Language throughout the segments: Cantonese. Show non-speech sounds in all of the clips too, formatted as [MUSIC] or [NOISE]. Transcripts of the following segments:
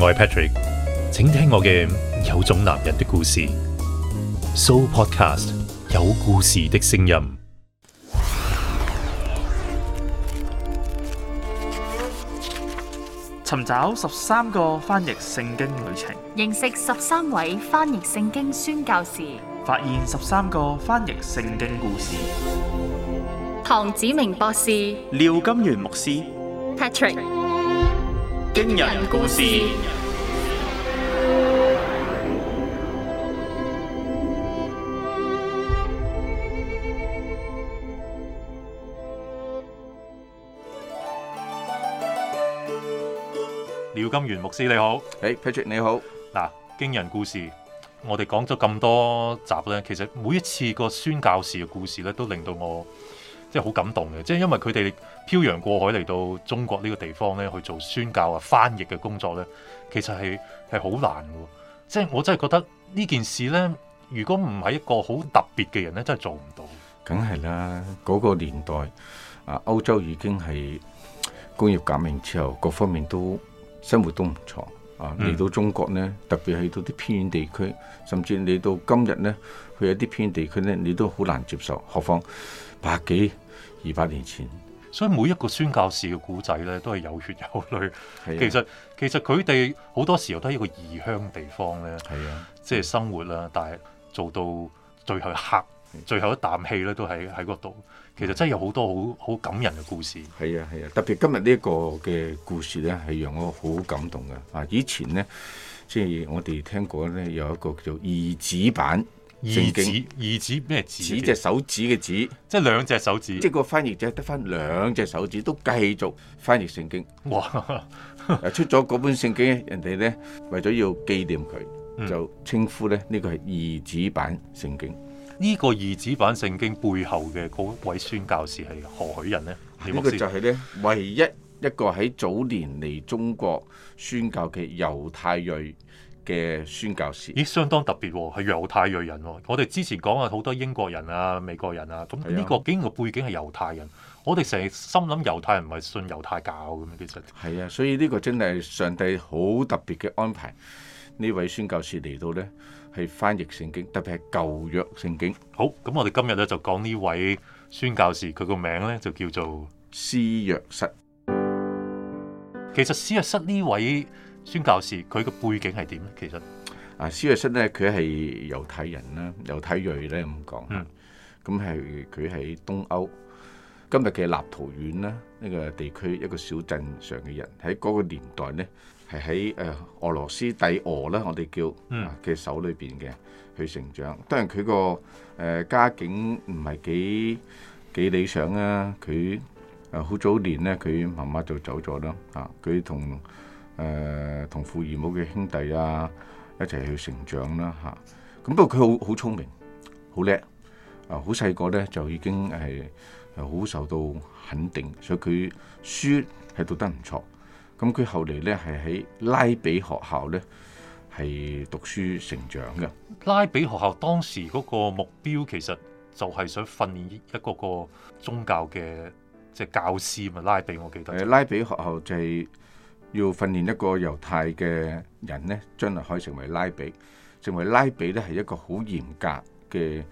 我係 Patrick，請聽我嘅有種男人的故事。So Podcast 有故事的聲音，尋找十三個翻譯聖經旅程，認識十三位翻譯聖經宣教士，發現十三個翻譯聖經故事。唐子明博士，廖金源牧師，Patrick。驚人故事，廖金元牧師你好。誒、hey, Patrick 你好。嗱驚人故事，我哋講咗咁多集咧，其實每一次個宣教士嘅故事咧，都令到我。即係好感動嘅，即係因為佢哋漂洋過海嚟到中國呢個地方咧去做宣教啊、翻譯嘅工作咧，其實係係好難嘅。即係我真係覺得呢件事咧，如果唔係一個好特別嘅人咧，真係做唔到。梗係啦，嗰個年代啊，歐洲已經係工業革命之後，各方面都生活都唔錯啊。嚟到中國咧，特別去到啲偏遠地區，甚至你到今日咧。佢有啲偏地區咧，你都好難接受，何況百幾二百年前。所以每一個宣教士嘅故仔咧，都係有血有淚。啊、其實其實佢哋好多時候都喺一個異鄉地方咧，即係、啊、生活啦。但係做到最後一刻、啊、最後一啖氣咧，都喺喺嗰度。其實真係有好多好好感人嘅故事。係啊係啊，特別今日呢一個嘅故事咧，係讓我好感動嘅。啊，以前呢，即係我哋聽過咧，有一個叫做二子版。二指二指咩指？指隻手指嘅指，即係兩隻手指。即係個翻譯者得翻兩隻手指都繼續翻譯聖經。哇！ [LAUGHS] 出咗嗰本聖經，人哋咧為咗要紀念佢，嗯、就稱呼咧呢、呢個係二指版聖經。呢個二指版聖經背後嘅嗰位宣教士係何許人呢？呢個就係咧 [LAUGHS] 唯一一個喺早年嚟中國宣教嘅猶太裔。嘅宣教士，咦，相當特別喎、哦，係猶太裔人喎、哦。我哋之前講啊，好多英國人啊、美國人啊，咁呢個竟然個背景係猶太人。啊、我哋成日心諗猶太人唔係信猶太教咁樣，其實係啊，所以呢個真係上帝好特別嘅安排。呢位宣教士嚟到呢，係翻譯聖經，特別係舊約聖經。好，咁、嗯、我哋今日咧就講呢位宣教士，佢個名呢就叫做施約瑟。其實施約瑟呢位。宣教士佢個背景係點咧？其實啊，施約瑟咧，佢係猶太人啦，猶太裔咧咁講。咁係佢喺東歐今日嘅立陶宛啦，呢、這個地區一個小鎮上嘅人，喺嗰個年代咧，係喺誒俄羅斯帝俄啦。我哋叫嘅、嗯啊、手裏邊嘅去成長。當然佢個誒家境唔係幾幾理想啦、啊。佢誒好早年咧，佢媽媽就走咗咯。啊，佢同誒，同、呃、父異母嘅兄弟啊，一齊去成長啦吓。咁不過佢好好聰明，好叻啊！好細個咧就已經係好受到肯定，所以佢書係讀得唔錯。咁佢後嚟咧係喺拉比學校咧係讀書成長嘅。拉比學校當時嗰個目標其實就係想訓練一個個宗教嘅即係教師嘛。拉比我記得、就係。誒，拉比學校就係、係。要訓練一個猶太嘅人咧，將來可以成為拉比，成為拉比咧係一個好嚴格嘅誒、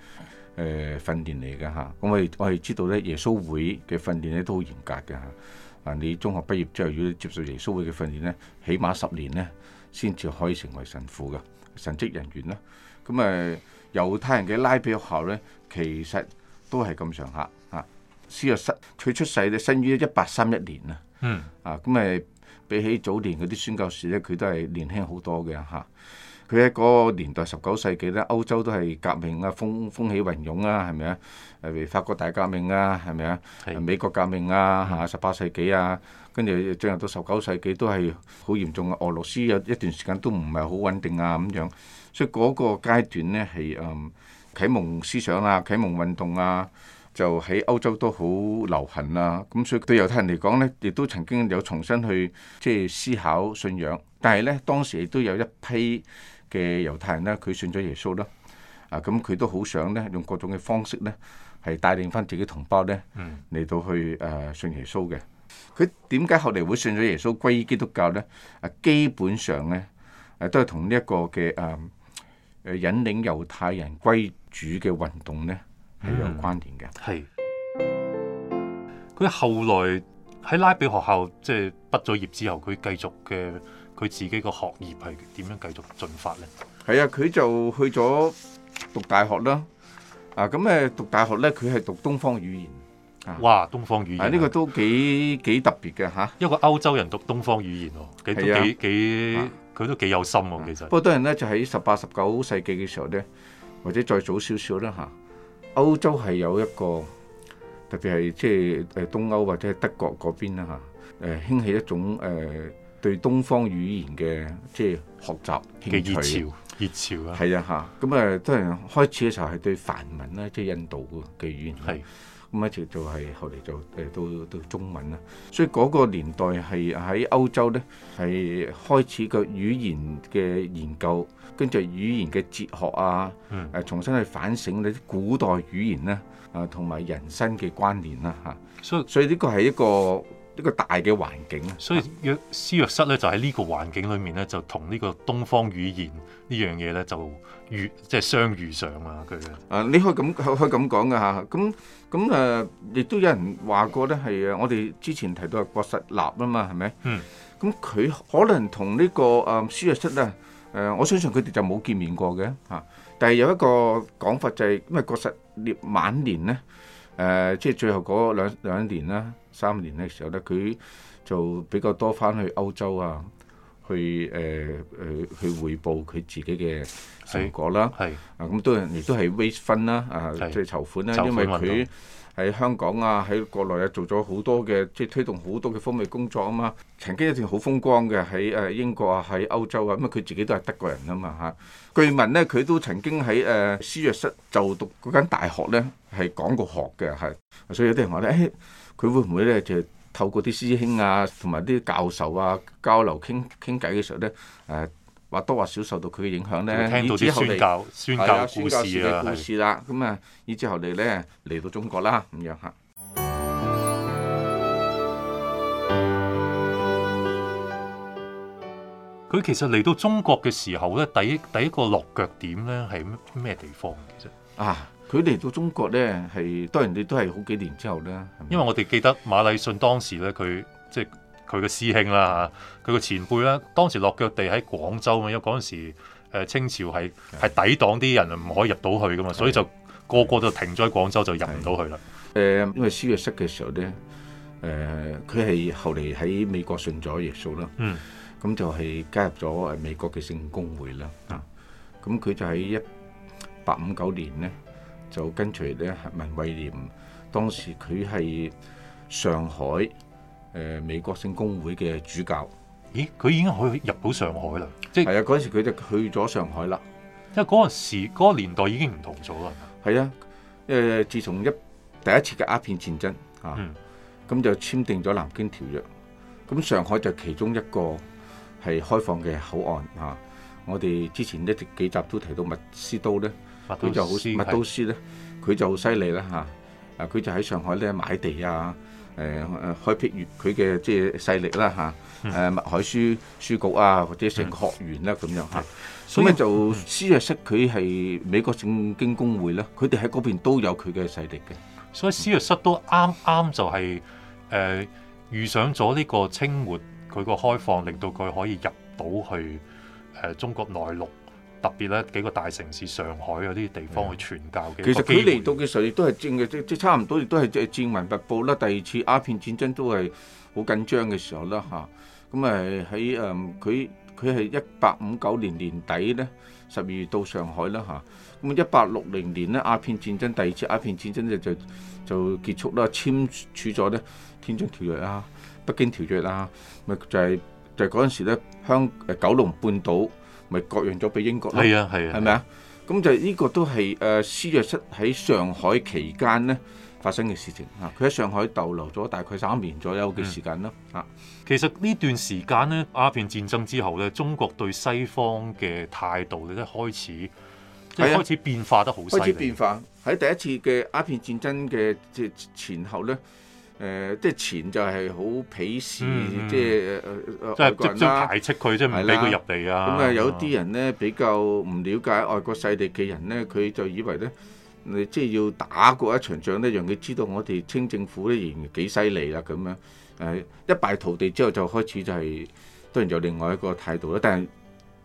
呃、訓練嚟嘅嚇。咁、啊、我哋我哋知道咧，耶穌會嘅訓練咧都好嚴格嘅嚇。啊，你中學畢業之後要接受耶穌會嘅訓練咧，起碼十年咧先至可以成為神父嘅神職人員啦。咁、啊、誒、呃、猶太人嘅拉比學校咧，其實都係咁上下啊。斯洛失佢出世咧，生於一八三一年啦、啊。嗯。啊、嗯，咁誒。比起早年嗰啲宣教士咧，佢都係年輕好多嘅嚇。佢喺嗰個年代十九世紀咧，歐洲都係革命啊，風風起雲湧啊，係咪啊？誒，法國大革命啊，係咪啊？係美國革命啊，嚇係，十八世紀啊，跟住進入到十九世紀都係好嚴重嘅。俄羅斯有一段時間都唔係好穩定啊，咁樣。所以嗰個階段咧係誒啟蒙思想啊，啟蒙運動啊。就喺歐洲都好流行啦、啊，咁所以對猶太人嚟講咧，亦都曾經有重新去即係思考信仰。但係咧，當時亦都有一批嘅猶太人咧，佢信咗耶穌啦。啊，咁佢都好想咧，用各種嘅方式咧，係帶領翻自己同胞咧嚟到去誒、呃、信耶穌嘅。佢點解後嚟會信咗耶穌歸基督教咧？啊，基本上咧，誒、啊、都係同呢一個嘅誒、啊、引領猶太人歸主嘅運動咧。係有關聯嘅。係、嗯。佢後來喺拉比學校即係、就是、畢咗業之後，佢繼續嘅佢自己個學業係點樣繼續進發咧？係啊，佢就去咗讀大學啦。啊，咁誒讀大學咧，佢係讀東方語言。啊、哇，東方語言呢、啊啊呢個都幾幾特別嘅嚇，啊、一個歐洲人讀東方語言喎、啊啊，幾都佢、啊、都幾有心喎、啊，啊、其實。不過當然咧，就喺十八十九世紀嘅時候咧，或者再早少少啦嚇。啊，歐洲係有一個，特別係即係誒東歐或者係德國嗰邊啦嚇，誒、啊、興起一種誒、啊、對東方語言嘅即係學習嘅熱潮，啊、熱潮啊！係啊嚇，咁誒都係開始嘅時候係對梵文啦，即、就、係、是、印度嘅語言，咁一直就係、是、後嚟就誒到到中文啦，所以嗰個年代係喺歐洲咧係開始個語言嘅研究。跟住語言嘅哲學啊，誒、啊、重新去反省呢啲古代語言咧，啊同埋人生嘅關聯啦嚇。啊、so, 所以所以呢個係一個一個大嘅環境啊。所以、so, 若書若室咧，就喺呢個環境裏面咧，就同呢個東方語言呢樣嘢咧，就遇即係相遇上啊佢嘅。啊，你可以咁可以咁講噶嚇。咁咁誒，亦都、啊、有人話過咧係啊，我哋之前提到郭實臘啊嘛，係咪？嗯。咁佢可能同、這個啊、呢個誒書若室咧。誒、呃，我相信佢哋就冇見面過嘅嚇、啊，但係有一個講法就係、是、咩？因為國實列晚年咧，誒、呃，即係最後嗰兩,兩年啦、三年嘅時候咧，佢就比較多翻去歐洲啊，去誒誒、呃、去彙報佢自己嘅成果啦。係啊，咁都係亦都係 raise fund 啦、啊，啊，即、就、係、是、籌款啦、啊，是款因為佢。喺香港啊，喺國內啊，做咗好多嘅，即係推動好多嘅方面工作啊嘛。曾經一段好風光嘅喺誒英國啊，喺歐洲啊，咁啊佢自己都係德國人嘛啊嘛嚇。據聞咧，佢都曾經喺誒斯約瑟就讀嗰間大學咧，係講過學嘅係。所以有啲人話咧，佢、哎、會唔會咧就透過啲師兄啊，同埋啲教授啊交流，傾傾偈嘅時候咧誒？啊或多或少受到佢嘅影響咧，然之後嚟係啊，宣教故事啊故事啦，咁啊，以至後嚟咧嚟到中國啦，咁樣嚇。佢其實嚟到中國嘅時候咧，第一第一個落腳點咧係咩咩地方？其實啊，佢嚟到中國咧係當然你都係好幾年之後啦。因為我哋記得馬禮遜當時咧，佢即係。佢個師兄啦嚇，佢個前輩咧，當時落腳地喺廣州嘛，因為嗰陣時、呃、清朝係係抵擋啲人唔可以入到去噶嘛，所以就個個都停咗喺廣州就入唔到去啦。誒、呃，因為舒約瑟嘅時候咧，誒佢係後嚟喺美國信咗耶穌啦，嗯，咁就係加入咗誒美國嘅聖公會啦，啊、嗯，咁佢就喺一八五九年咧，就跟隨咧文惠廉，當時佢係上海。誒、呃、美國聖公會嘅主教，咦？佢已經可以入到上海啦，即係啊！嗰陣時佢就去咗上海啦，因為嗰陣時嗰、嗰個年代已經唔同咗啦，係、嗯、啊！誒、呃，自從一第一次嘅鴉片戰爭啊，咁、嗯、就簽訂咗南京條約，咁上海就其中一個係開放嘅口岸啊！我哋之前一集幾集都提到麥斯都咧，佢都就好麥是都斯咧，佢就好犀利啦嚇！啊，佢就喺上海咧買地啊。誒開闢越佢嘅即係勢力啦嚇，誒墨、呃呃呃呃、海書書局啊，或者成個學園啦咁樣嚇，咁咧、嗯嗯嗯、就施約瑟佢係美國聖經公會咧，佢哋喺嗰邊都有佢嘅勢力嘅，所以施約瑟都啱啱就係誒遇上咗呢個清末佢個開放，令到佢可以入到去誒、呃、中國內陸。特別咧幾個大城市，上海嗰啲地方去傳教。嘅其實佢嚟到嘅時候亦都係正嘅，即即差唔多亦都係即係戰雲密佈啦。第二次鴉片戰爭都係好緊張嘅時候啦，吓、啊，咁誒喺誒佢佢係一八五九年年底咧十二月到上海啦，吓、啊，咁一八六零年咧鴉片戰爭第二次鴉片戰爭咧就就結束啦，簽署咗咧《天津條約》啊，《北京條約》啊，咪就係、是、就係嗰陣時咧香誒九龍半島。咪割讓咗俾英國咯，係啊係啊，係咪啊？咁就呢個都係誒施約瑟喺上海期間咧發生嘅事情啊！佢喺上海逗留咗大概三年左右嘅時間啦、嗯、啊！其實呢段時間咧，鴉片戰爭之後咧，中國對西方嘅態度咧都開始，即係、啊、開始變化得好細。開始變化喺第一次嘅鴉片戰爭嘅即前後咧。誒即係前就係好鄙視，嗯呃、即係誒誒即係排斥佢，即係唔俾佢入嚟啊。咁啊的，嗯、有啲人咧比較唔了解外國勢力嘅人咧，佢就以為咧，你即係要打過一場仗咧，讓佢知道我哋清政府咧仍然幾犀利啦咁樣。誒、呃、一敗塗地之後就開始就係、是、當然有另外一個態度啦。但係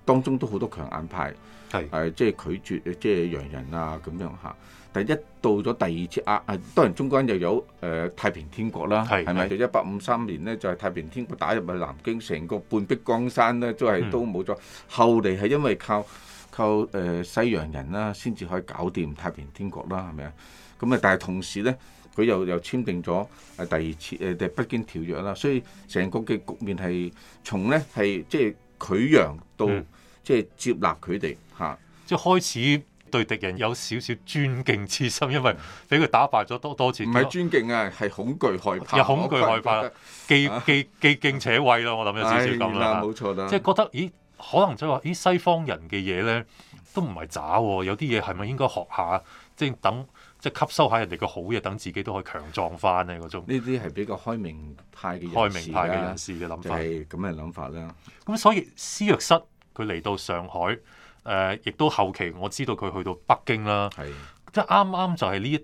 當中都好多強硬派，係、呃、誒即係拒絕即係洋人啊咁樣嚇。第一到咗第二次啊，當然中間又有誒、呃、太平天國啦，係咪是？就一八五三年呢，就係、是、太平天國打入去南京，成個半壁江山呢，都係都冇咗。嗯、後嚟係因為靠靠誒、呃、西洋人啦，先至可以搞掂太平天國啦，係咪啊？咁啊，但係同時呢，佢又又簽訂咗啊第二次誒《北京條約》啦，所以成個嘅局面係從呢，係即係佢讓到、嗯、即係接納佢哋嚇，即、啊、係開始。對敵人有少少尊敬之心，因為俾佢打敗咗多多次，唔係尊敬啊，係恐懼害怕，有恐懼害怕，既既既敬且畏咯。我諗有少少咁啦，冇錯啦，即係覺得，咦，可能就係話，咦，西方人嘅嘢咧都唔係渣，有啲嘢係咪應該學下，即係等即係吸收下人哋嘅好嘢，等自己都可以強壯翻咧。嗰種呢啲係比較開明派嘅開明派嘅人士嘅諗法，咁嘅諗法啦。咁所以施約室，佢嚟到上海誒，亦、呃、都後期我知道佢去到北京啦的、呃，即係啱啱就係呢一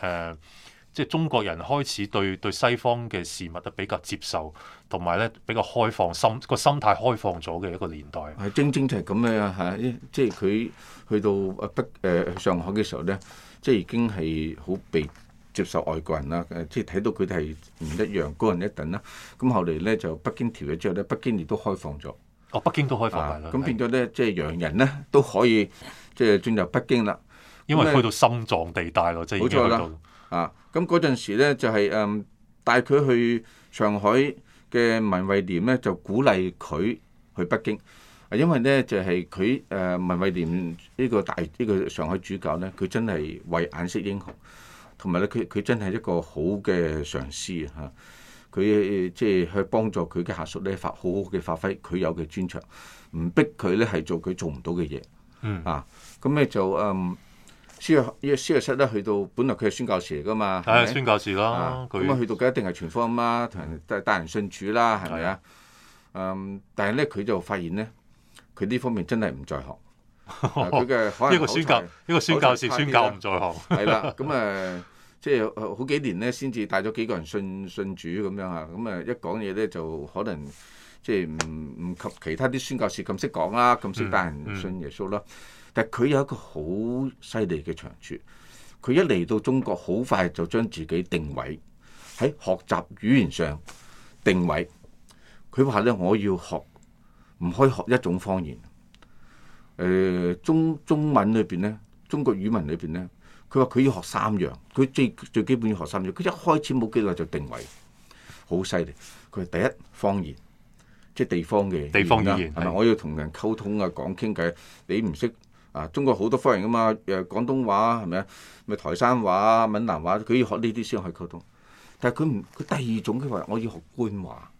段誒，即係中國人開始對對西方嘅事物都比較接受，同埋咧比較開放心個心態開放咗嘅一個年代。係，正正就係咁樣，係、啊、即係佢去到啊北誒上海嘅時候咧，即係已經係好被接受外國人啦，即係睇到佢哋係唔一樣，高人一等啦。咁後嚟咧就北京條約之後咧，北京亦都開放咗。北京都開放埋啦，咁、啊、變咗咧，即、就、係、是、洋人咧都可以即係、就是、進入北京啦。因為去到心臟地帶咯，嗯、即係已經喺度啊！咁嗰陣時咧，就係、是、誒、嗯、帶佢去上海嘅文慧廉咧，就鼓勵佢去北京。啊，因為咧就係佢誒文惠廉呢個大呢、這個上海主教咧，佢真係慧眼識英雄，同埋咧佢佢真係一個好嘅上司嚇。啊佢即係去幫助佢嘅下屬咧，發好好嘅發揮佢有嘅專長，唔逼佢咧係做佢做唔到嘅嘢。嗯、啊，咁咧就嗯，銷售呢個銷售室咧去到本來佢係宣教士嚟噶嘛，係、啊、宣教士咯，咁、啊、去到嘅一定係全科啊嘛，同人帶帶人信主啦，係咪啊？嗯，但係咧佢就發現咧，佢呢方面真係唔在行。呢個宣教，呢個宣教士宣教唔在行。係、嗯、啦，咁、嗯、誒。嗯嗯即係好幾年咧，先至帶咗幾個人信信主咁樣啊！咁啊，一講嘢咧就可能即係唔唔及其他啲宣教士咁識講啦，咁識、嗯、帶人信耶穌啦。嗯、但係佢有一個好犀利嘅長處，佢一嚟到中國，好快就將自己定位喺學習語言上定位。佢話咧：我要學，唔可以學一種方言。誒、呃，中中文裏邊咧，中國語文裏邊咧。佢話：佢要學三樣，佢最最基本要學三樣。佢一開始冇幾耐就定位，好犀利。佢係第一方言，即係地方嘅地方語言，係咪？是我要同人溝通啊，講傾偈。你唔識啊？中國好多方言噶嘛，誒、啊、廣東話係咪啊？咪台山話、閩南話，佢要學呢啲先可以溝通。但係佢唔，佢第二種佢話我要學官話。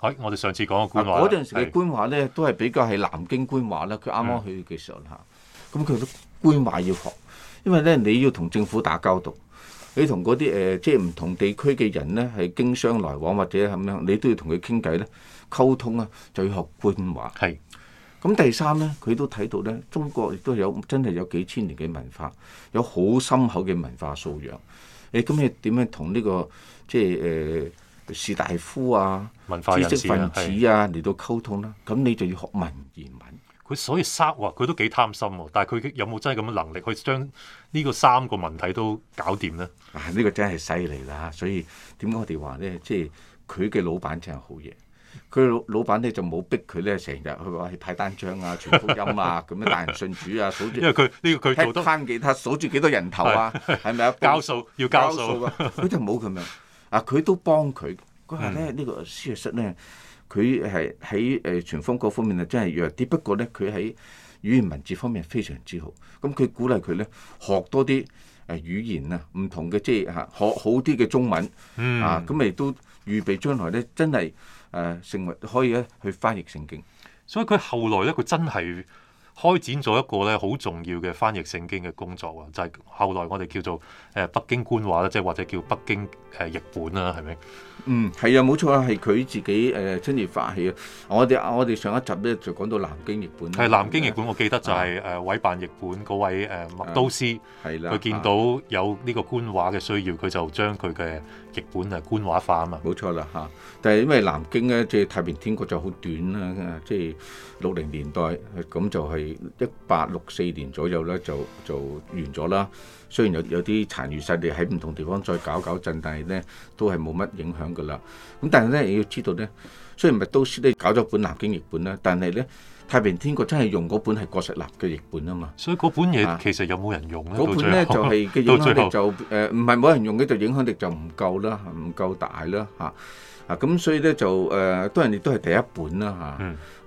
係、哎，我哋上次講嘅官話嗰陣時嘅官話咧，是都係比較係南京官話啦。佢啱啱去嘅時候啦，咁佢都官話要學。嗯嗯嗯因為咧，你要同政府打交道，你同嗰啲誒即係唔同地區嘅人咧係經商來往或者咁樣，你都要同佢傾偈咧，溝通啊，就要學官話。係是。咁、嗯、第三咧，佢都睇到咧，中國亦都有真係有幾千年嘅文化，有好深厚嘅文化素養。欸、你咁你點樣同呢、這個即係誒、呃、士大夫啊、知識分子啊嚟是到溝通啦、啊？咁、嗯、你就要學文言文。佢所以殺喎，佢都幾貪心喎，但係佢有冇真係咁嘅能力去將呢個三個問題都搞掂咧？啊，呢個真係犀利啦！所以點解我哋話咧，即係佢嘅老闆真係好嘢。佢老老闆咧就冇逼佢咧，成日去話去派單張啊、傳福音啊、咁樣帶人信主啊、因為佢呢個佢做得慳幾多，數住幾多人頭啊，係咪啊？交數要交數㗎，佢就冇佢咪啊？佢都幫佢佢下咧，呢個書術室咧。佢係喺誒傳福音嗰方面啊，真係弱啲。不過咧，佢喺語言文字方面非常之好。咁佢鼓勵佢咧學多啲誒語言、就是嗯、啊，唔同嘅即係嚇學好啲嘅中文啊。咁亦都預備將來咧，真係誒、呃、成為可以咧去翻譯聖經。所以佢後來咧，佢真係。開展咗一個咧好重要嘅翻譯聖經嘅工作啊。就係、是、後來我哋叫做誒北京官話啦，即係或者叫北京誒譯、呃、本啦，係咪？嗯，係啊，冇錯啊，係佢自己誒親自發起啊！我哋啊，我哋上一集咧就講到南京譯本，係南京譯本，嗯、我記得就係誒委辦譯本嗰位誒麥都斯，係啦、嗯，佢見到有呢個官話嘅需要，佢就將佢嘅。譯本係官話化啊嘛，冇錯啦嚇。但係因為南京咧，即係太平天國就好短啦，即係六零年代咁，就係一八六四年左右咧就就完咗啦。雖然有有啲殘餘勢力喺唔同地方再搞搞震，但係咧都係冇乜影響噶啦。咁但係咧你要知道咧，雖然咪都說咧搞咗本南京譯本啦，但係咧。太平天國真係用嗰本係郭實臘嘅譯本啊嘛，所以嗰本嘢其實有冇人用咧，啊？到最後，影響力就，就、呃、誒，唔係冇人用嘅，就影響力就唔夠啦，唔夠大啦，嚇啊！咁所以咧就誒，當然亦都係第一本啦，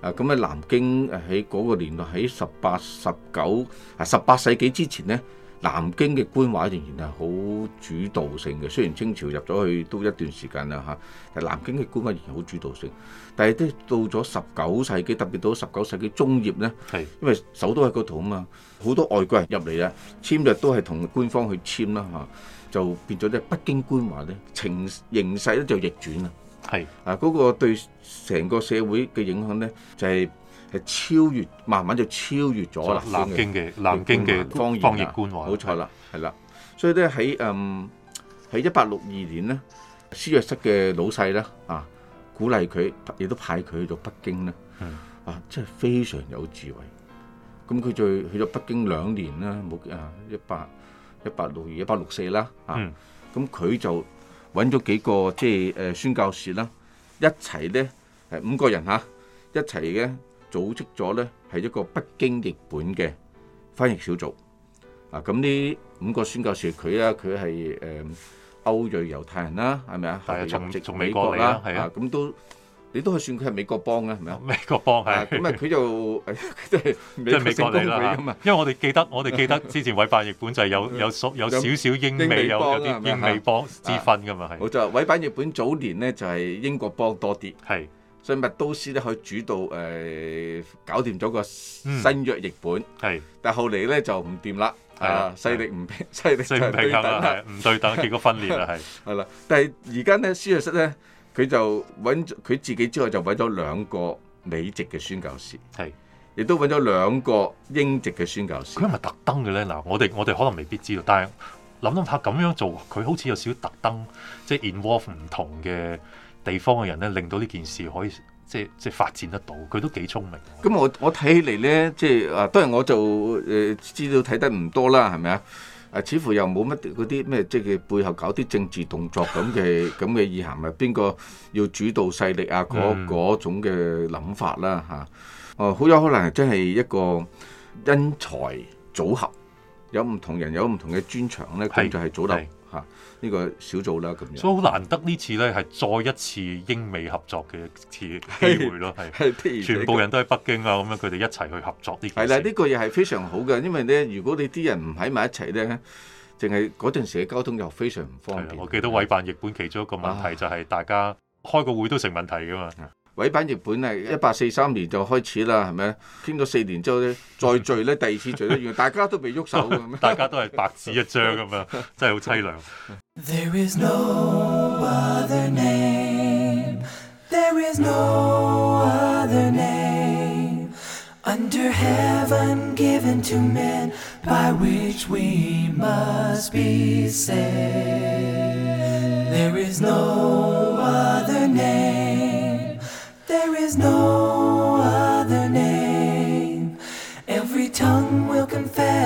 嚇啊！咁喺、嗯啊嗯、南京喺嗰個年代喺十八、十九啊十八世紀之前咧。南京嘅官話仍然係好主導性嘅，雖然清朝入咗去都一段時間啦嚇，但南京嘅官話仍然好主導性。但係都到咗十九世紀，特別到十九世紀中葉咧，係是因為首都喺嗰度啊嘛，好多外國人入嚟啊，簽約都係同官方去簽啦嚇，就變咗即係北京官話咧情形勢咧就逆轉啦。係是啊，嗰、那個對成個社會嘅影響咧就係、是。係超越，慢慢就超越咗啦。南京嘅南京嘅方言啊，冇錯啦，係啦。所以咧喺嗯喺一八六二年咧，施約瑟嘅老細咧啊，鼓勵佢，亦都派佢去咗北京咧。啊，真係非常有智慧。咁佢就去咗北京兩年啦，冇啊，一八一八六二、一八六四啦。嗯。咁佢就揾咗幾個即係誒宣教士啦，一齊咧誒五個人吓，一齊嘅。組織咗咧係一個北京譯本嘅翻譯小組啊！咁呢五個宣教士，佢啦，佢係誒歐裔猶太人啦，係咪啊？係啊，從美國嚟啦，係啊，咁、啊啊嗯、都你都可以算佢係美國幫嘅，係咪啊？美國幫係啊，咁啊佢就即係即係美國嚟啦，因為我哋記得 [LAUGHS] 我哋記得之前委辦譯本就係有有少有少少英美有啲英美幫之分㗎嘛，係。冇錯、啊啊、委辦譯本早年咧就係英國幫多啲，係。所以麥都思咧可以主導誒、呃、搞掂咗個新約譯本，嗯、但後嚟咧就唔掂啦，勢力唔平衡，勢力唔對等，唔是對等，結果分裂啦，係。係啦、啊，但係而家咧，施約瑟咧，佢就揾佢自己之外就揾咗兩個美籍嘅宣教師，係是，亦都揾咗兩個英籍嘅宣教師。佢係咪特登嘅咧？嗱，我哋我哋可能未必知道，但係諗諗下咁樣做，佢好似有少少特登，即係 involve 唔同嘅。地方嘅人咧，令到呢件事可以即係即係發展得到，佢都幾聰明。咁我我睇起嚟咧，即係啊，當然我就誒、呃、知道睇得唔多啦，係咪啊？啊，似乎又冇乜啲咩，即係背後搞啲政治動作咁嘅咁嘅意涵啊，邊個要主導勢力啊？嗰嗰種嘅諗法啦吓，哦、啊，好有可能係真係一個因才組合，有唔同人有唔同嘅專長咧，佢就係組合。呢個小組啦咁，所以好難得呢次呢係再一次英美合作嘅一次機會咯，係。 [LAUGHS] 全部人都喺北京啊，咁樣佢哋一齊去合作呢。係啦，呢個又係非常好嘅，因為呢，如果你啲人唔喺埋一齊呢，淨係嗰陣時嘅交通又非常唔方便。係啊，我記得委辦譯本其中一個問題就係大家開個會都成問題噶嘛。委辦譯本係一八四三年就開始啦，係咪？傾咗四年之後咧，再聚咧，第二次聚一樣， [LAUGHS] 大家都未喐手咁 [LAUGHS] [LAUGHS] 大家都係白紙一張咁啊，真係好淒涼。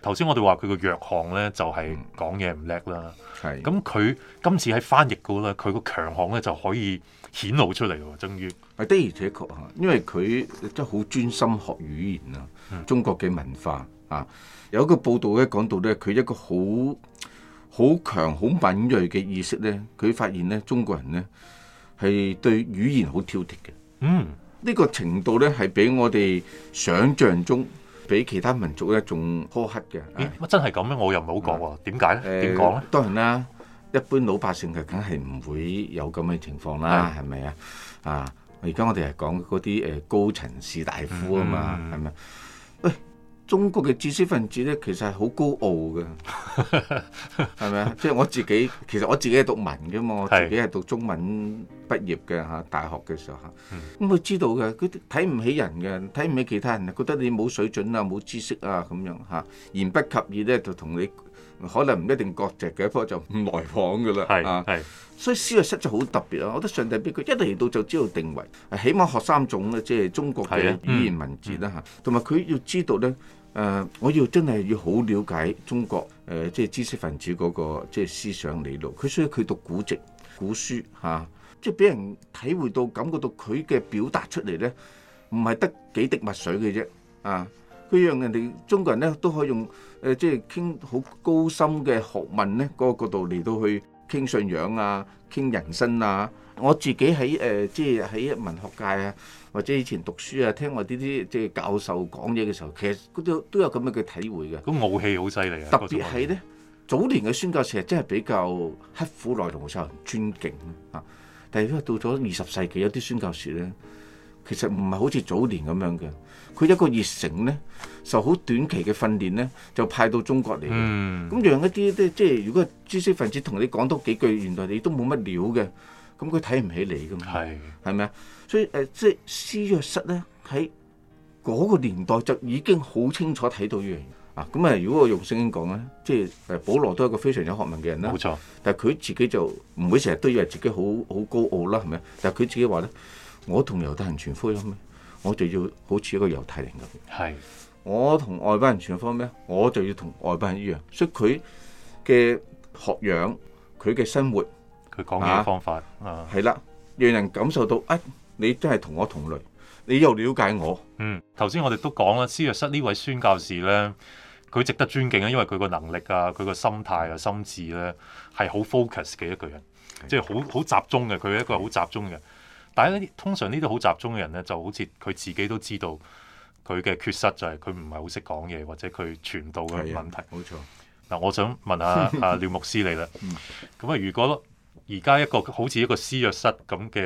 頭先我哋、就是、話佢個弱項咧就係講嘢唔叻啦，咁佢的今次喺翻譯過啦，佢個強項咧就可以顯露出嚟喎。終於係的而且確，因為佢真係好專心學語言啊，中國嘅文化、嗯、啊，有一個報道咧講到咧，佢一個好好強好敏鋭嘅意識咧，佢發現咧中國人咧係對語言好挑剔嘅。嗯，呢個程度咧係比我哋想象中。比其他民族咧仲苛刻嘅，咦？乜真係咁咩？我又唔好講喎、啊。點解咧？點講咧？嗯、當然啦，一般老百姓嘅梗係唔會有咁嘅情況啦，係咪啊？啊！而家我哋係講嗰啲誒高層士大夫啊嘛，係咪、嗯？中國嘅知識分子咧，其實係好高傲嘅，係咪啊？即係我自己，其實我自己係讀文嘅嘛，我自己係讀中文畢業嘅嚇，大學嘅時候嚇。咁佢知道嘅，佢睇唔起人嘅，睇唔起其他人，覺得你冇水準啊，冇知識啊咁樣嚇。言不及義咧，就同你可能唔一定國籍嘅，不過就唔來往嘅啦。係係。所以斯內塞就好特別咯。我覺得上帝俾佢一嚟到就知道定位，起碼學三種咧，即係中國嘅語言文字啦嚇，同埋佢要知道咧。誒，uh, 我要真係要好了解中國誒，即、呃、係、就是、知識分子嗰、那個即係、就是、思想理路。佢需要佢讀古籍、古書嚇，即係俾人體會到、感覺到佢嘅表達出嚟咧，唔係得幾滴墨水嘅啫。啊，佢讓人哋中國人咧都可以用誒，即係傾好高深嘅學問咧嗰、那個角度嚟到去傾信仰啊，傾人生啊。我自己喺誒，即係喺文學界啊，或者以前讀書啊，聽我啲啲即係教授講嘢嘅時候，其實都都有咁嘅嘅體會嘅。咁傲氣好犀利啊！特別係咧，早年嘅宣教士係真係比較刻苦耐勞，受人尊敬啊。但係因為到咗二十世紀，有啲宣教士咧，其實唔係好似早年咁樣嘅。佢一個熱誠咧，受好短期嘅訓練咧，就派到中國嚟。嗯，咁讓一啲啲即係如果知識分子同你講多幾句，原來你都冇乜料嘅。咁佢睇唔起你噶嘛？係，係咪啊？所以誒、呃，即係施約瑟咧喺嗰個年代就已經好清楚睇到呢樣嘢啊！咁、嗯、啊、嗯，如果我用聲音講咧、嗯，即係誒，保、呃、羅都係一個非常有學問嘅人啦，冇沒錯。但係佢自己就唔會成日都以為自己好好高傲啦，係咪啊？但係佢自己話咧，我同猶太人傳福音咩？我就要好似一個猶太人咁。係，是的 我同外邦人傳福音咩？我就要同外邦人一樣。所以佢嘅學養，佢嘅生活。佢講嘢嘅方法係啦，讓人感受到啊，你真係同我同類，你又了解我。嗯，頭先我哋都講啦，私約室呢位宣教士咧，佢值得尊敬啊，因為佢個能力啊，佢個心態啊，心智咧係好 focus 嘅一個人，的即係好好集中嘅。佢係一個好集中嘅，的但係咧，通常呢啲好集中嘅人咧，就好似佢自己都知道佢嘅缺失就係佢唔係好識講嘢，或者佢傳道嘅問題。冇錯。嗱，我想問，問下啊廖牧師你啦，咁啊 [LAUGHS] [LAUGHS] 如果而家一個好似一個私藥室咁嘅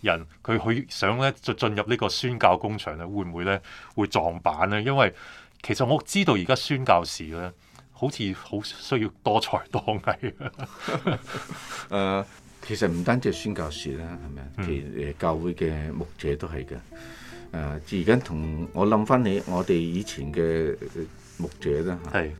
人，佢去想咧就進入呢個宣教工場咧，會唔會咧會撞板咧？因為其實我知道而家宣教士咧，好似好需要多才多藝。 [LAUGHS] 誒、呃，其實唔單止宣教士啦，係咪、嗯、其誒，教會嘅牧者都係嘅。誒、呃，而家同我諗翻你，我哋以前嘅牧者啦。係。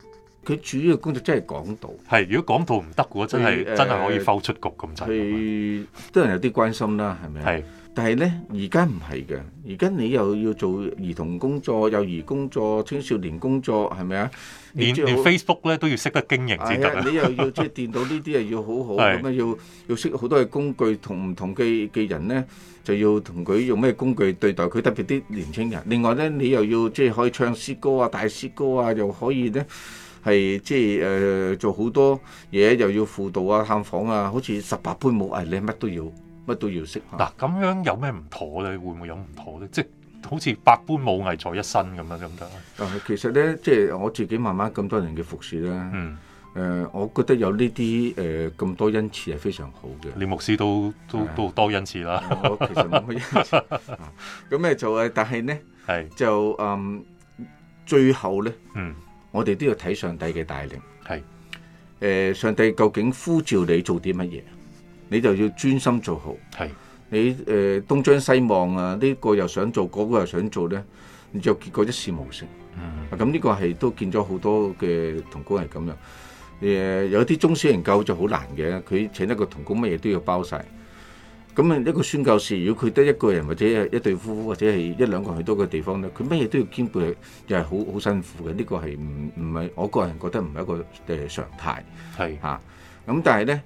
佢主要嘅工作真係講道，係如果講道唔得嘅話，以真係真係可以浮出局咁滯。佢多人有啲關心啦，係咪啊？係是，但係咧，而家唔係嘅，而家你又要做兒童工作、幼兒工作、青少年工作，係咪啊？連 Facebook 咧都要識得經營先得，係啊，啊 [LAUGHS] 你又要即係、就是、電腦呢啲又要好好咁啊，要要識好多嘅工具，同唔同嘅嘅人咧，就要同佢用咩工具對待佢，特別啲年青人。另外咧，你又要即係可以唱詩歌啊、大詩歌啊，又可以咧。係即係誒，做好多嘢又要輔導啊、探訪啊，好似十八般武藝，你乜都要，乜都要識。嗱，咁樣有咩唔妥咧？會唔會有唔妥咧？即係好似百般武藝在一身咁樣咁得。但係其實咧，即係我自己慢慢咁多年嘅服侍咧，誒，我覺得有呢啲誒咁多恩賜係非常好嘅。你牧師都都都多恩賜啦。我其實冇乜恩賜。咁咧就誒，但係咧，就誒，最後咧，嗯。我哋都要睇上帝嘅帶領，係是，誒、呃，上帝究竟呼召你做啲乜嘢，你就要專心做好，係是，你誒、呃、東張西望啊，呢、這個又想做，嗰、那個又想做咧，你就結果一事無成，咁呢、嗯啊這個係都見咗好多嘅同工係咁樣，誒、呃，有啲中小型企業就好難嘅，佢請一個同工，乜嘢都要包晒。咁啊，一個宣教士，如果佢得一個人或者一對夫婦或者係一兩個去多個地方咧，佢乜嘢都要兼顧，又係好好辛苦嘅。呢、這個係唔唔係？我個人覺得唔係一個誒、呃、常態。係嚇是。咁、啊、但係咧，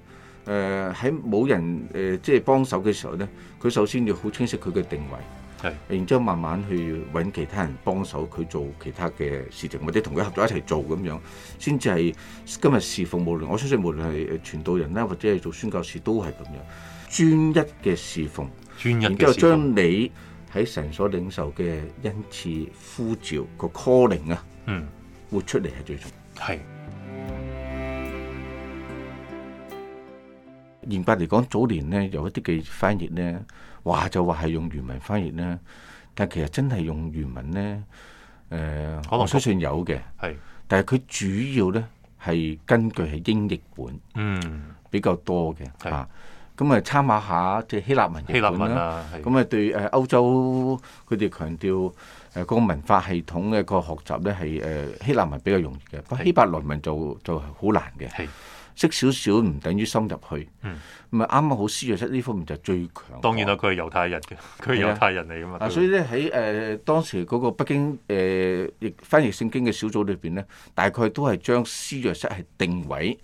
誒喺冇人誒、呃、即係幫手嘅時候咧，佢首先要好清晰佢嘅定位。係是。然之後慢慢去揾其他人幫手，佢做其他嘅事情，或者同佢合作一齊做咁樣，先至係今日事奉無論我相信，無論係傳道人啦，或者係做宣教士都係咁樣。專一嘅侍奉，然之後將你喺神所領受嘅恩賜呼召個 calling 啊，嗯，活出嚟係最重要。係嚴格嚟講，早年咧有一啲嘅翻譯咧，話就話係用原文翻譯咧，但其實真係用原文咧，誒，可能，我相信有嘅，係，但係佢主要咧係根據係英譯本，嗯，比較多嘅，係。咁啊，參考下即係、就是、希臘文希臘文啦。咁啊，對誒歐洲佢哋強調誒嗰個文化系統嘅個學習咧，係誒希臘文比較容易嘅，的不過希伯來文就就係好難嘅。識少少唔等於深入去。咁啊、嗯，啱啱好施約瑟呢方面就最強。當然啦，佢係猶太人嘅，佢的 [LAUGHS] 係猶太人嚟噶嘛。的所以咧喺誒當時嗰個北京誒譯、呃、翻譯聖經嘅小組裏邊咧，大概都係將施約瑟係定位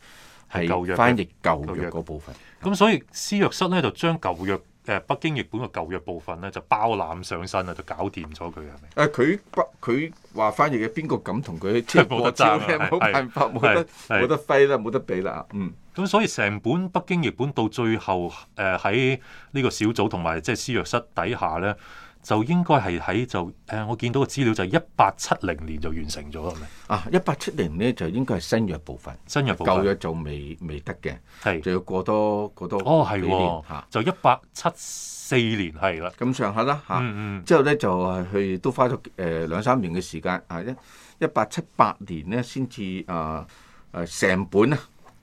係翻譯舊約嗰部分。咁所以施約瑟咧就將舊約誒、呃、北京譯本嘅舊約部分咧就包攬上身啦，就搞掂咗佢係咪？誒佢北佢話翻譯嘅邊個敢同佢？冇得爭，冇辦法，冇是他得冇得，得揮啦，冇得比啦。嗯。咁所以成本北京譯本到最後誒喺呢個小組同埋即係施約瑟底下咧。就應該係喺就誒，我見到個資料就係一八七零年就完成咗，係咪？啊，一八七零咧就應該係新約部分，新約部分舊約就未未得嘅，係是，就要過多過多幾年嚇、哦啊，就一八七四年係啦，咁上下啦嚇，啊嗯嗯、之後咧就去都花咗誒兩三年嘅時間，啊一一八七八年咧先至啊誒成本啊《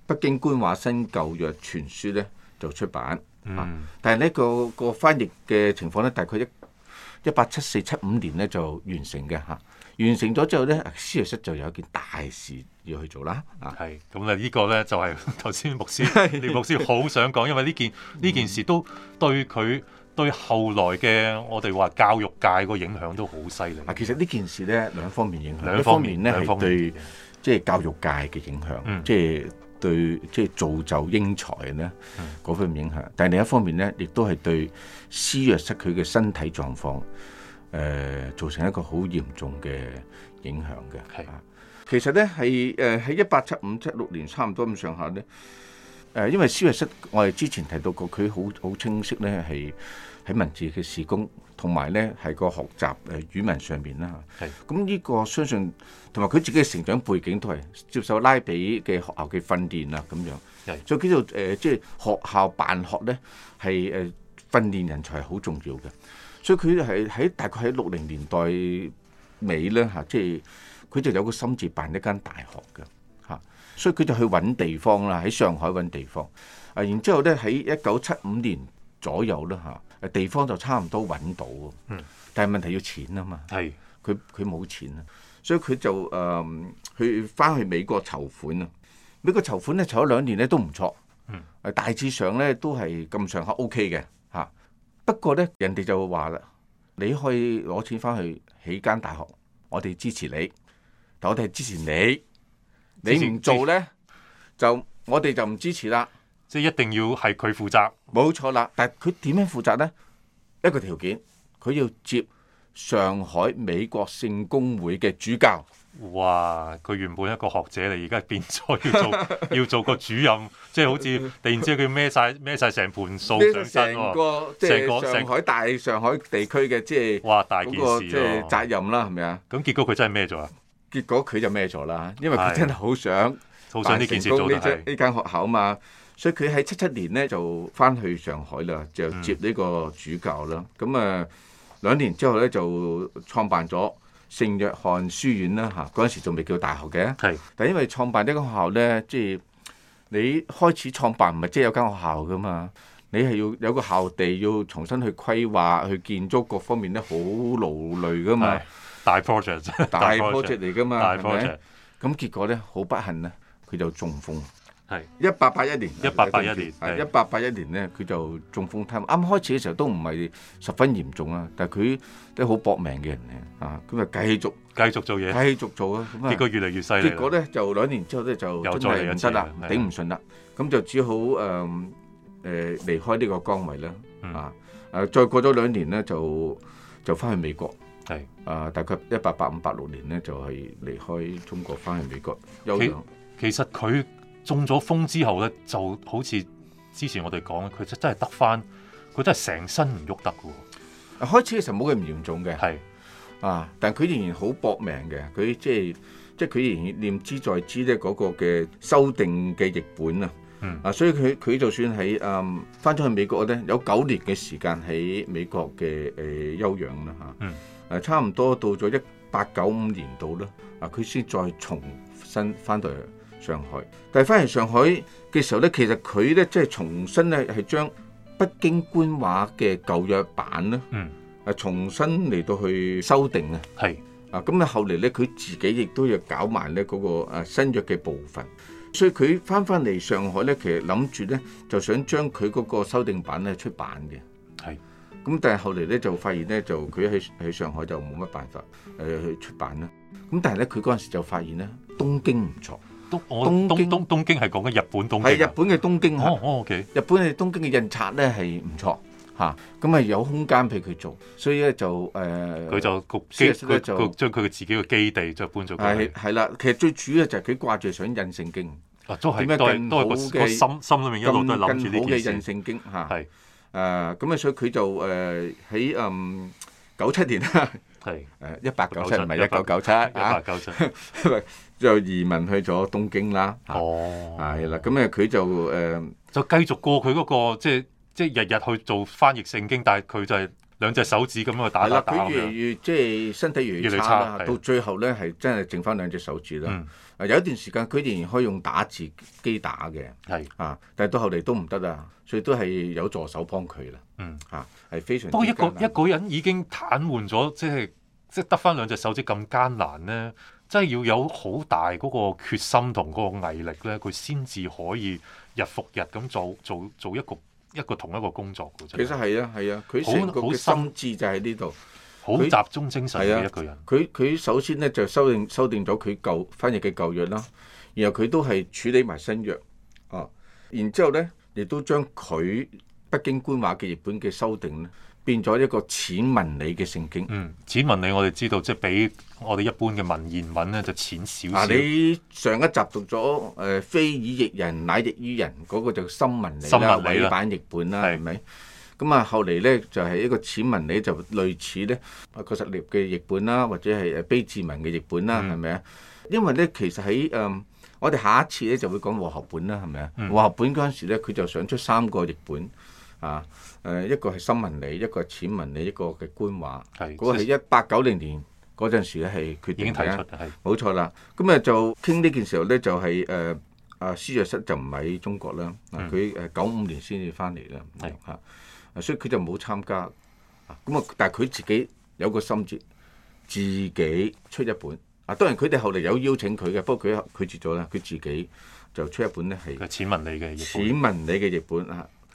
北京官話新舊約全書》咧就出版，啊、嗯，但係呢個個翻譯嘅情況咧，大概一。一八七四七五年咧就完成嘅，吓、啊，完成咗之後咧，思域室就有一件大事要去做啦。係、啊，咁啊、這個、呢個咧就係頭先牧師，呢 [LAUGHS] 牧師好想講，因為呢件呢、嗯、件事都對佢對後來嘅我哋話教育界個影響都好犀利。啊，其實呢件事咧兩方面影響，兩方面咧係對即係、就是、教育界嘅影響，即係、嗯。嗯對，即係造就英才呢嗰方面影響。但係另一方面呢，亦都係對施約瑟佢嘅身體狀況，誒、呃、造成一個好嚴重嘅影響嘅。係啊的，其實呢，係誒喺一八七五七六年差唔多咁上下呢。誒、呃、因為施約瑟，我哋之前提到過，佢好好清晰呢，係喺文字嘅事工。同埋咧，係個學習誒、呃、語文上面啦嚇。咁呢是的、嗯呢個相信同埋佢自己嘅成長背景都係接受拉比嘅學校嘅訓練啦咁樣。是的 所以叫做誒，即、呃、係、就是、學校辦學咧，係誒、呃、訓練人才好重要嘅。所以佢係喺大概喺六零年代尾咧吓，即係佢就有個心志辦一間大學嘅吓、啊，所以佢就去揾地方啦，喺上海揾地方。啊，然之後咧喺一九七五年左右啦吓。啊地方就差唔多揾到，嗯、但係問題要錢啊嘛。佢佢冇錢啊，所以佢就誒去翻去美國籌款啊。美國籌款咧籌咗兩年咧都唔錯，係、嗯、大致上咧都係咁上下 OK 嘅嚇。不過咧人哋就會話啦，你可以攞錢翻去起間大學，我哋支持你，但我哋係支持你，你唔做咧就我哋就唔支持啦。即係一定要係佢負責，冇錯啦。但係佢點樣負責咧？一個條件，佢要接上海美國聖公會嘅主教。哇！佢原本一個學者嚟，而家變咗要做 [LAUGHS] 要做個主任，即係好似突然之間佢孭晒孭曬成盤數上身咯。即係成個上海個大上海地區嘅即係哇大件事咯，那個、即責任啦係咪啊？咁結果佢真係孭咗啊？結果佢就孭咗啦，因為佢真係好想好想呢件事做大呢間學校啊嘛。所以佢喺七七年咧就翻去上海啦，就接呢個主教啦。咁啊、嗯，兩、嗯、年之後咧就創辦咗聖約翰書院啦。吓、啊，嗰陣時仲未叫大學嘅、啊。係是，但因為創辦呢間學校咧，即、就、係、是、你開始創辦唔係即係有間學校噶嘛，你係要有個校地要重新去規劃、去建築各方面咧，好勞累噶嘛。大 project，大 project 嚟噶嘛，係咪 project 吧？咁結果咧，好不幸啊，佢就中風。一八八一年，一八八一年，一八八一年咧，佢就中風癲，啱開始嘅時候都唔係十分嚴重啊，但係佢都好搏命嘅人嚟啊，咁就繼續繼續做嘢，繼續做啊，結果越嚟越犀利。結果咧就兩年之後咧就又再認真啦，頂唔順啦，咁就只好誒誒離開呢個崗位啦啊！誒、嗯、再過咗兩年咧就就翻去美國係的啊，大概一八八五八六年咧就係離開中國翻去美國。其其實佢。中咗風之後咧，就好似之前我哋講咧，佢就真係得翻，佢真係成身唔喐得嘅喎。開始嘅時候冇咁嚴重嘅，係是啊，但佢仍然好搏命嘅，佢即係即係佢仍然念之在之咧嗰個嘅修訂嘅譯本啊。啊，所以佢佢就算喺嗯翻咗去美國咧，有九年嘅時間喺美國嘅誒休養啦嚇。嗯，差唔多到咗一八九五年度啦，啊佢先再重新翻到上海，但係翻嚟上海嘅時候咧，其實佢咧即係重新咧係將北京官話嘅舊約版咧，嗯，啊重新嚟到去修訂啊，係啊咁啊後嚟咧，佢自己亦都要搞埋咧嗰個、啊、新約嘅部分，所以佢翻翻嚟上海咧，其實諗住咧就想將佢嗰個修訂版咧出版嘅，係咁是、嗯，但係後嚟咧就發現咧就佢喺喺上海就冇乜辦法誒、呃、去出版啦。咁、嗯、但係咧佢嗰陣時就發現咧東京唔錯。東東東東京係講緊日本東京，係日本嘅東京。日本嘅東京嘅印刷咧係唔錯嚇，咁啊有空間俾佢做，所以咧就誒，佢就局基，佢將佢自己嘅基地就搬咗。係係啦，其實最主要就係佢掛住想印聖經啊，都係都係個心心裏面一路都係諗住呢印件事。係誒咁啊，所以佢就誒喺九七年啦，係誒一八九七唔係一九九七啊，一八九七。就移民去咗東京啦，係啦、哦，咁咧佢就誒，呃、就繼續過佢嗰、那個即係即係日日去做翻譯聖經，但係佢就係兩隻手指咁樣打打打去。佢越嚟越即係身體越嚟越差到最後咧係真係剩翻兩隻手指啦。啊、嗯、有一段時間佢仍然可以用打字機打嘅，係的啊，但係到後嚟都唔得啊，所以都係有助手幫佢啦。嗯，啊係、啊、非常。不過一個一個人已經癱瘓咗，即係即係得翻兩隻手指咁艱難咧。真係要有好大嗰個決心同嗰個毅力咧，佢先至可以日復日咁做做做一個一個同一個工作嘅。其實係啊係啊，佢成個心智就喺呢度，好很他集中精神嘅一個人。佢佢、啊、首先咧就修訂修訂咗佢舊翻譯嘅舊約啦，然後佢都係處理埋新約，哦、啊，然之後咧亦都將佢北京官話嘅譯本嘅修訂咧，變咗一個淺文理嘅聖經。嗯，淺文理我哋知道，即係比我哋一般嘅文言文咧就淺少少、啊。你上一集讀咗誒、呃、非以役人，乃役於人嗰、那個就深文理啦，委辦譯本啦，係咪是？咁啊、嗯，後嚟咧就係、是、一個淺文理就類似咧啊，郭實獵嘅譯本啦，或者係誒裨治文嘅譯本啦，係咪啊？因為咧其實喺誒、嗯、我哋下一次咧就會講和合本啦，係咪啊？和合本嗰陣時咧佢就想出三個譯本。啊！誒一個係深文理，一個係淺文理，一個係官話。係的。嗰個係一八九零年嗰陣時咧，係決定已經提出。係。冇錯啦。咁、就是呃、啊，就傾呢件時候咧，就係誒阿施約瑟就唔喺中國啦。佢誒九五年先至翻嚟啦。係的、啊。所以佢就冇參加。啊。咁啊，但係佢自己有個心志，自己出一本。啊，當然佢哋後嚟有邀請佢嘅，不過佢拒絕咗啦。佢自己就出一本咧，係。嘅淺文理嘅。淺文理嘅譯本啊。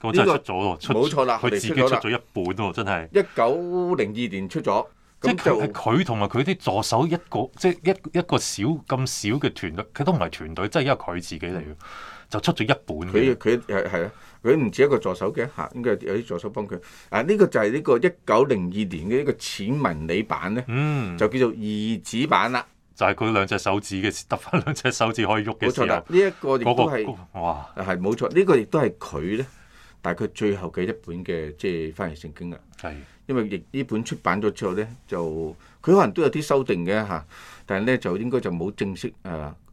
真出咗呢、呢個冇錯啦，佢出自己出咗一本喎，真係。一九零二年出咗，即係佢同埋佢啲助手一個，即係一一個小咁少嘅團隊，佢都唔係團隊，真係因為佢自己嚟，嘅！就出咗一本。佢佢係係啊，佢唔止一個助手嘅嚇，應該有啲助手幫佢。啊，呢、呢個就係呢個一九零二年嘅一個淺文理版咧，嗯、就叫做二指版啦，就係佢兩隻手指嘅時，得翻兩隻手指可以喐嘅時候。冇錯啦，呢、這、一個亦都係哇，係冇錯，這個、呢個亦都係佢咧。大概最後嘅一本嘅即係翻譯聖經啦，是因為譯呢本出版咗之後咧，就佢可能都有啲修訂嘅嚇，但係咧就應該就冇正式誒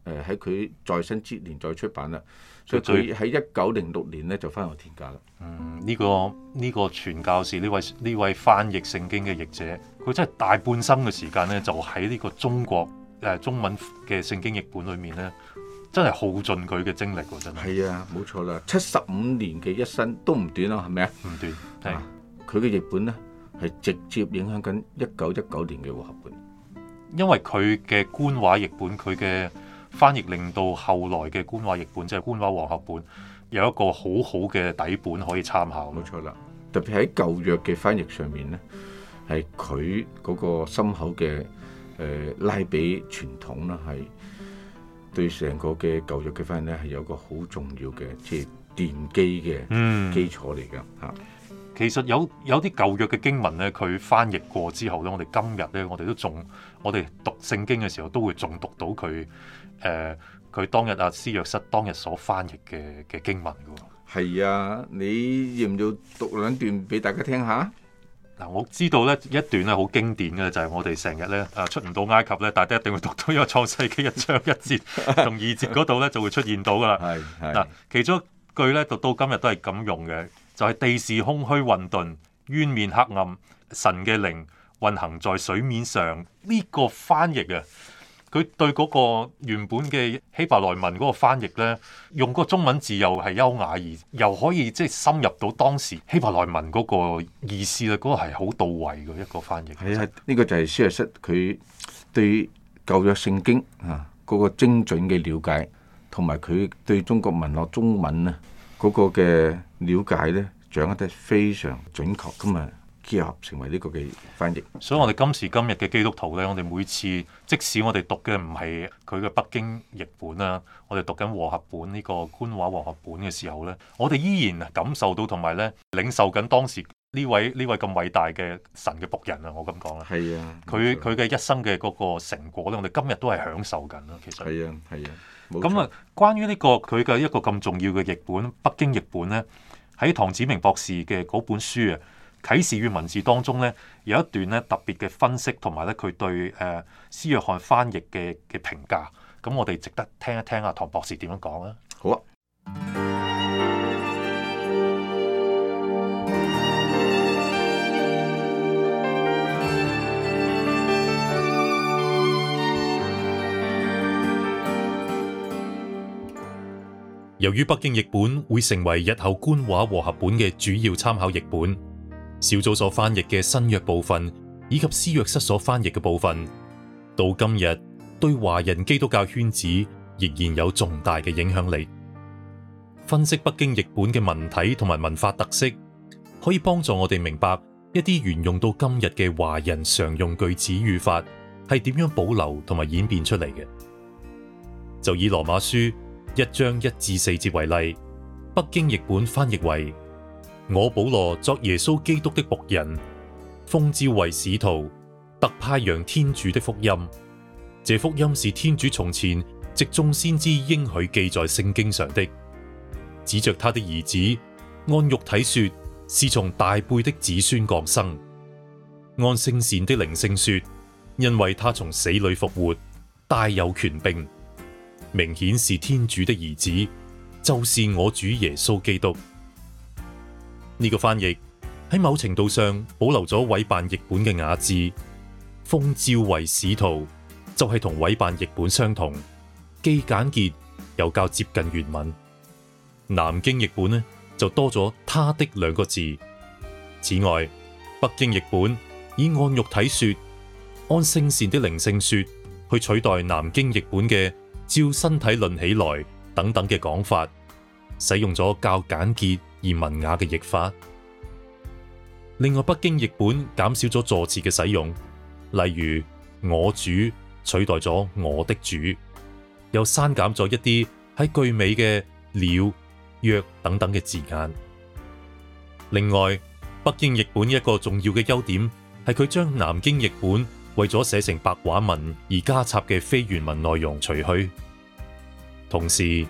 誒喺佢在生之年再出版啦，所以佢喺一九零六年咧就返去天家啦。嗯，呢個呢個傳教士呢位呢位翻譯聖經嘅譯者，佢真係大半生嘅時間咧，就喺呢個中國誒、呃、中文嘅聖經譯本裏面咧。真係耗盡佢嘅精力喎，啊！真係，係啊，冇錯啦。七十五年嘅一生都唔短啦，係咪短啊？唔短是，係佢嘅譯本呢，係直接影響緊一九一九年嘅《和合本》，因為佢嘅官話譯本，佢嘅翻譯令到後來嘅官話譯本，即、就、係、是、官話《和合本》，有一個好好嘅底本可以參考。冇錯啦，特別喺舊約嘅翻譯上面呢，係佢嗰個深厚嘅誒拉比傳統啦，係。對成個嘅舊約嘅翻譯咧，係有個好重要嘅，即係奠基嘅基礎嚟㗎嚇。嗯、是其實有有啲舊約嘅經文咧，佢翻譯過之後咧，我哋今日咧，我哋都仲我哋讀聖經嘅時候都會仲讀到佢誒佢當日阿、啊、施約瑟當日所翻譯嘅嘅經文㗎喎。係啊，你要唔要讀兩段俾大家聽下？嗱，我知道咧，一段咧好經典嘅就係、是、我哋成日咧啊出唔到埃及咧，大家一定會讀到，因為創世記一章一節同二節嗰度咧，就會出現到噶啦。嗱， [LAUGHS] 其中一句咧讀到今日都係咁用嘅，就係、是、地是空虛混沌，淵面黑暗，神嘅靈運行在水面上。呢、這個翻譯啊～佢對嗰個原本嘅希伯來文嗰個翻譯咧，用個中文字又係優雅而又可以即係深入到當時希伯來文嗰個意思啦，嗰、那個係好到位嘅一個翻譯。係呢、這個就係施耐克佢對舊約聖經嗰個精準嘅了解，同埋佢對中國文學中文咧嗰個嘅了解咧，掌握得非常準確咁啊！結合成為呢個嘅翻譯，所以我哋今時今日嘅基督徒咧，我哋每次即使我哋讀嘅唔係佢嘅北京譯本啦，我哋讀緊和合本呢個官話和合本嘅時候咧，我哋依然感受到同埋咧領受緊當時呢位呢位咁偉大嘅神嘅僕人啊，我咁講啦。係啊，佢佢嘅一生嘅嗰個成果咧，我哋今日都係享受緊啊，其實係啊係啊，咁啊，關於呢個佢嘅一個咁重要嘅譯本北京譯本咧，喺唐子明博士嘅嗰本書啊。體示與文字當中呢，有一段呢特別嘅分析，同埋呢佢對誒施約翰翻譯嘅嘅評價。咁我哋值得聽一聽啊，唐博士點樣講啊？好啊。 [MUSIC] 由於北京譯本會成為日後官話和合本嘅主要參考譯本。小組所翻譯嘅新約部分，以及施約瑟所翻譯嘅部分，到今日對華人基督教圈子仍然有重大嘅影響力。分析北京譯本嘅文體同埋文化特色，可以幫助我哋明白一啲沿用到今日嘅華人常用句子語法係點樣保留同埋演變出嚟嘅。就以羅馬書一章一至四節為例，北京譯本翻譯為。我保羅作耶穌基督的僕人，奉召為使徒，特派揚天主的福音。這福音是天主從前藉眾先知應許記載聖經上的。指着他的兒子，按肉體説，是從大輩的子孫降生；按聖善的靈性説，因為他從死裏復活，大有權柄。明顯是天主的兒子，就是我主耶穌基督。呢個翻譯喺某程度上保留咗委辦譯本嘅雅致，《奉召為使徒》就係、是、同委辦譯本相同，既簡潔又較接近原文。南京譯本呢，就多咗他的兩個字。此外，北京譯本以按肉體説、按聖善的靈性説去取代南京譯本嘅照身體論起來等等嘅講法，使用咗較簡潔。而文雅嘅譯法。另外，北京譯本減少咗助詞嘅使用，例如我主取代咗我的主，又刪減咗一啲喺句尾嘅了、約等等嘅字眼。另外，北京譯本一個重要嘅優點係佢將南京譯本為咗寫成白話文而加插嘅非原文內容除去。同時，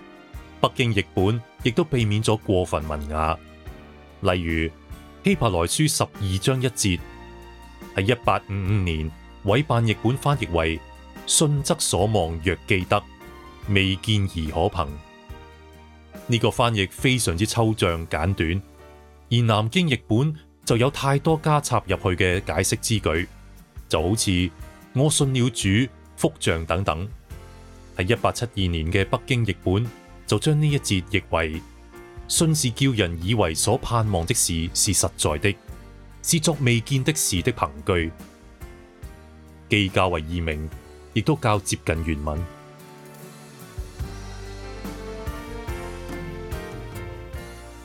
北京譯本。亦都避免咗過分文雅，例如希伯來書十二章一節，喺一八五五年委辦譯本翻譯為“信則所望若記得，未見而可憑”這。呢個翻譯非常之抽象簡短，而南京譯本就有太多加插入去嘅解釋之舉，就好似我信了主，福像等等。喺一八七二年嘅北京譯本，就將呢一節譯為：信是叫人以為所盼望的事是實在的，是作未見的事的憑據，既較為易明，亦都較接近原文。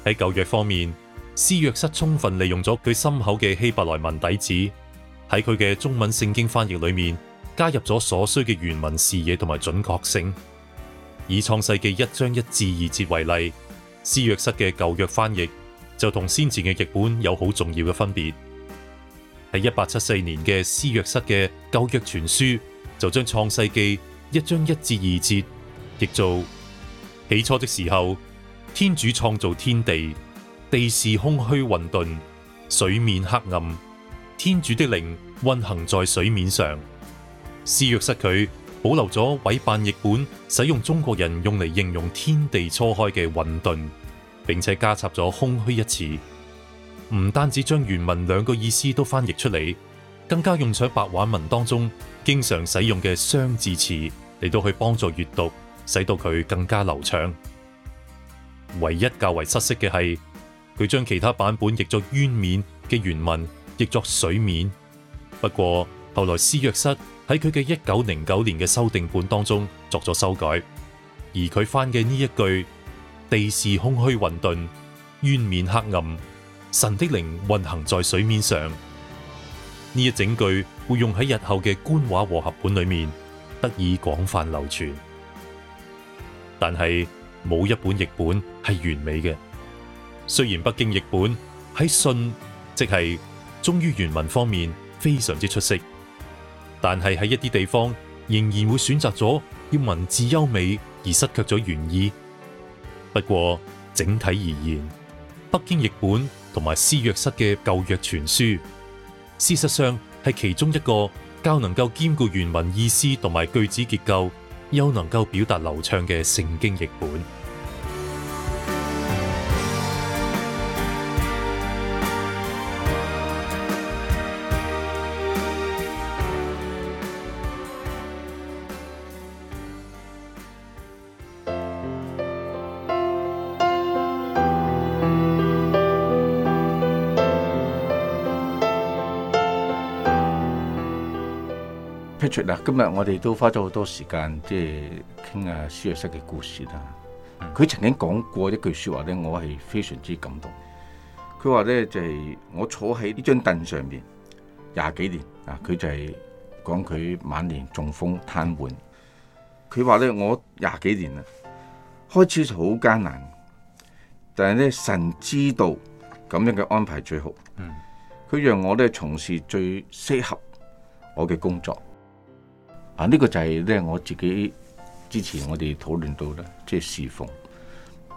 喺舊約方面，施約瑟充分利用咗佢深厚嘅希伯來文底子，喺佢嘅中文聖經翻譯裏面加入咗所需嘅原文視野同埋準確性。以《創世紀》一章一至二節為例，施約瑟嘅舊約翻譯就同先前嘅譯本有好重要嘅分別。喺一八七四年嘅施約瑟嘅舊約全書，就將《創世紀》一章一至二節譯做：起初的時候，天主創造天地，地是空虛混沌，水面黑暗，天主的靈運行在水面上。施約瑟佢。保留咗委辦譯本，使用中國人用嚟形容天地初開嘅混沌，並且加插咗空虛一詞。唔單止將原文兩個意思都翻譯出嚟，更加用上白話文當中經常使用嘅雙字詞嚟到去幫助閱讀，使到佢更加流暢。唯一較為失色嘅係，佢將其他版本譯作淵面嘅原文譯作水面。不過後來施約瑟。喺佢嘅一九零九年嘅修訂本當中作咗修改，而佢翻嘅呢一句，地是空虛混沌，淵面黑暗，神的靈運行在水面上，呢一整句會用喺日後嘅官話和合本裏面得以廣泛流傳。但係冇一本譯本係完美嘅，雖然北京譯本喺信，即係忠於原文方面非常之出色。但係喺一啲地方仍然會選擇咗要文字優美而失卻咗原意。不過整體而言，北京譯本同埋施約瑟嘅舊約全書，事實上係其中一個較能夠兼顧原文意思同埋句子結構，又能夠表達流暢嘅聖經譯本。今日我哋都花咗好多時間，即係傾下施約瑟嘅故事啦。佢、嗯、曾經講過一句說話咧，我係非常之感動。佢話咧就係、是、我坐喺呢張凳上面廿幾年啊。佢、嗯、就係講佢晚年中風癱瘓。佢話咧，我廿幾年啦，開始好艱難，但係咧神知道咁樣嘅安排最好。佢、嗯、讓我咧從事最適合我嘅工作。啊！呢、這個就係咧我自己之前我哋討論到咧，即係侍奉。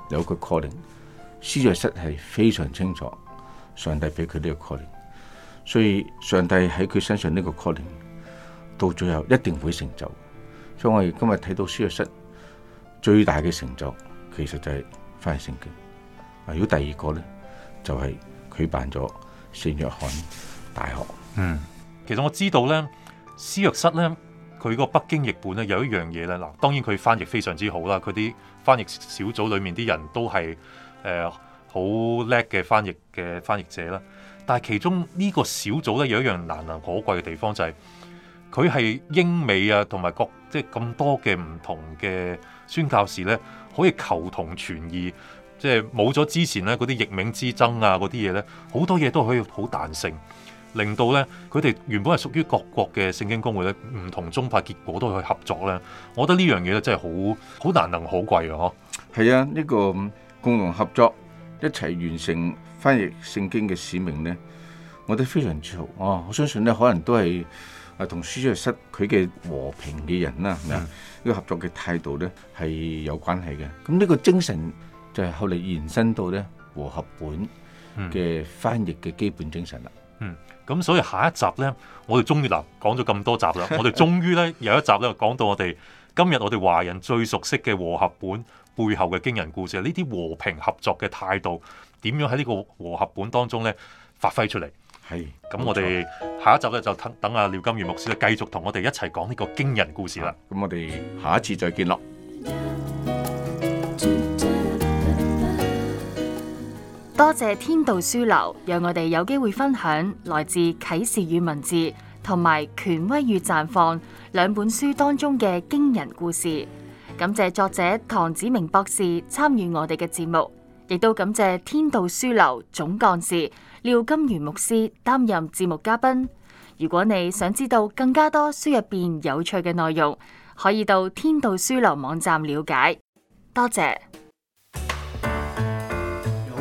有個 calling，施約瑟係非常清楚，上帝俾佢呢個 calling，所以上帝喺佢身上呢個 calling 到最後一定會成就。所以我哋今日睇到施約瑟最大嘅成就，其實就係翻聖經，啊。如果第二個咧，就係、是、佢辦咗聖約翰大學。嗯，其實我知道咧，施約瑟咧。佢個北京譯本咧，有一樣嘢咧，嗱，當然佢翻譯非常之好啦，佢啲翻譯小組裡面啲人都係誒好叻嘅翻譯嘅翻譯者啦。但係其中呢個小組咧，有一樣難能可貴嘅地方，就係佢係英美啊同埋各即係咁多嘅唔同嘅宣教士咧，可以求同存異，即係冇咗之前咧嗰啲譯名之爭啊嗰啲嘢咧，好多嘢都可以好彈性。令到咧，佢哋原本係屬於各國嘅聖經公會咧，唔同宗派結果都去合作咧。我覺得呢樣嘢咧，真係好好難能可貴啊！嗬，係啊，呢個共同合作，一齊完成翻譯聖經嘅使命咧，我都非常自豪。啊，我相信咧，可能都係啊，同書記室佢嘅和平嘅人啦，呢、嗯啊呢個合作嘅態度咧係有關係嘅。咁呢個精神就係後嚟延伸到咧和合本嘅翻譯嘅基本精神啦。嗯嗯，咁所以下一集呢，我哋終於啦講咗咁多集啦，我哋終於呢，有一集呢講到我哋今日我哋華人最熟悉嘅和合本背後嘅驚人故事，呢啲和平合作嘅態度點樣喺呢個和合本當中呢發揮出嚟？係是，咁我哋錯下一集呢，就等等阿、啊、廖金魚牧師繼續同我哋一齊講呢個驚人故事啦。咁我哋下一次再見啦。多謝天道書樓，讓我哋有機會分享來自啟示與文字同埋權威與綻放兩本書當中嘅驚人故事。感謝作者唐子明博士參與我哋嘅節目，亦都感謝天道書樓總幹事廖金如牧師擔任節目嘉賓。如果你想知道更加多書入邊有趣嘅內容，可以到天道書樓網站了解。多謝。